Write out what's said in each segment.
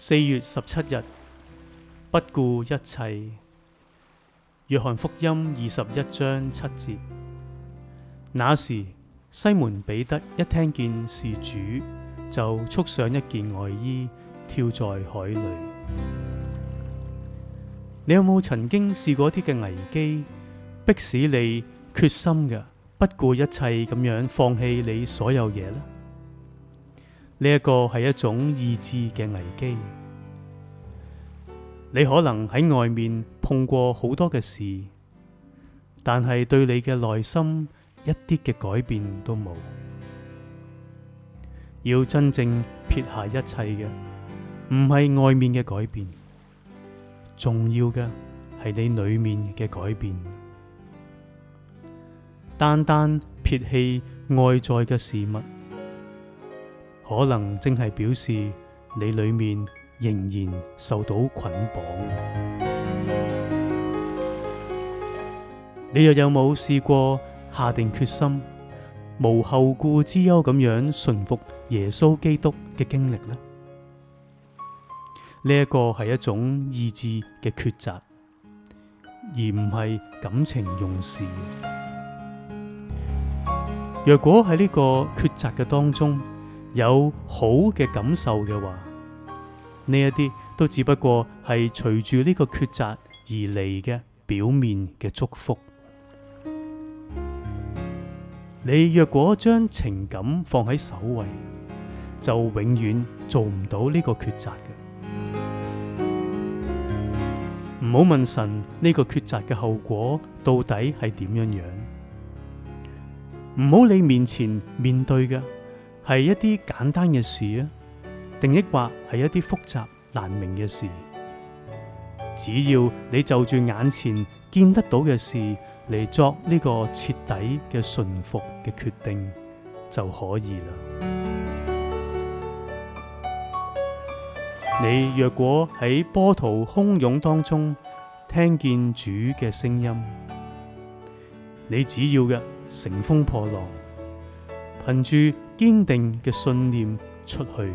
四月十七日，不顧一切。約翰福音二十一章七節。那時，西門彼得一聽見是主，就束上一件外衣，跳在海裏。你有冇曾經試過一啲嘅危機，迫使你決心嘅，不顧一切咁樣放棄你所有嘢呢？呢一個係一種意志嘅危機。你可能喺外面碰過好多嘅事，但係對你嘅內心一啲嘅改變都冇。要真正撇下一切嘅，唔係外面嘅改變，重要嘅係你裏面嘅改變。單單撇棄外在嘅事物。可能正係表示你裏面仍然受到捆綁。你又有冇試過下定決心，無後顧之憂咁樣順服耶穌基督嘅經歷呢？呢、呢、一個係一種意志嘅抉擇，而唔係感情用事。若果喺呢個抉擇嘅當中，有好嘅感受嘅話，呢一啲都只不過係隨住呢個抉擇而嚟嘅表面嘅祝福。你若果將情感放喺首位，就永遠做唔到呢個抉擇嘅。唔好問神，呢個抉擇嘅後果到底係點樣樣？唔好你面前面對嘅。係一啲簡單嘅事啊，定抑或係一啲複雜難明嘅事？只要你就住眼前見得到嘅事嚟，作呢個徹底嘅順服嘅決定，就可以啦。 你若果喺波濤洶湧當中聽見主嘅聲音，你只要嘅乘風破浪，憑住堅定嘅信念出去，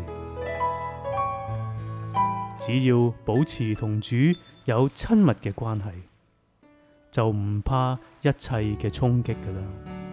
只要保持同主有親密嘅關係，就唔怕一切嘅衝擊噶啦。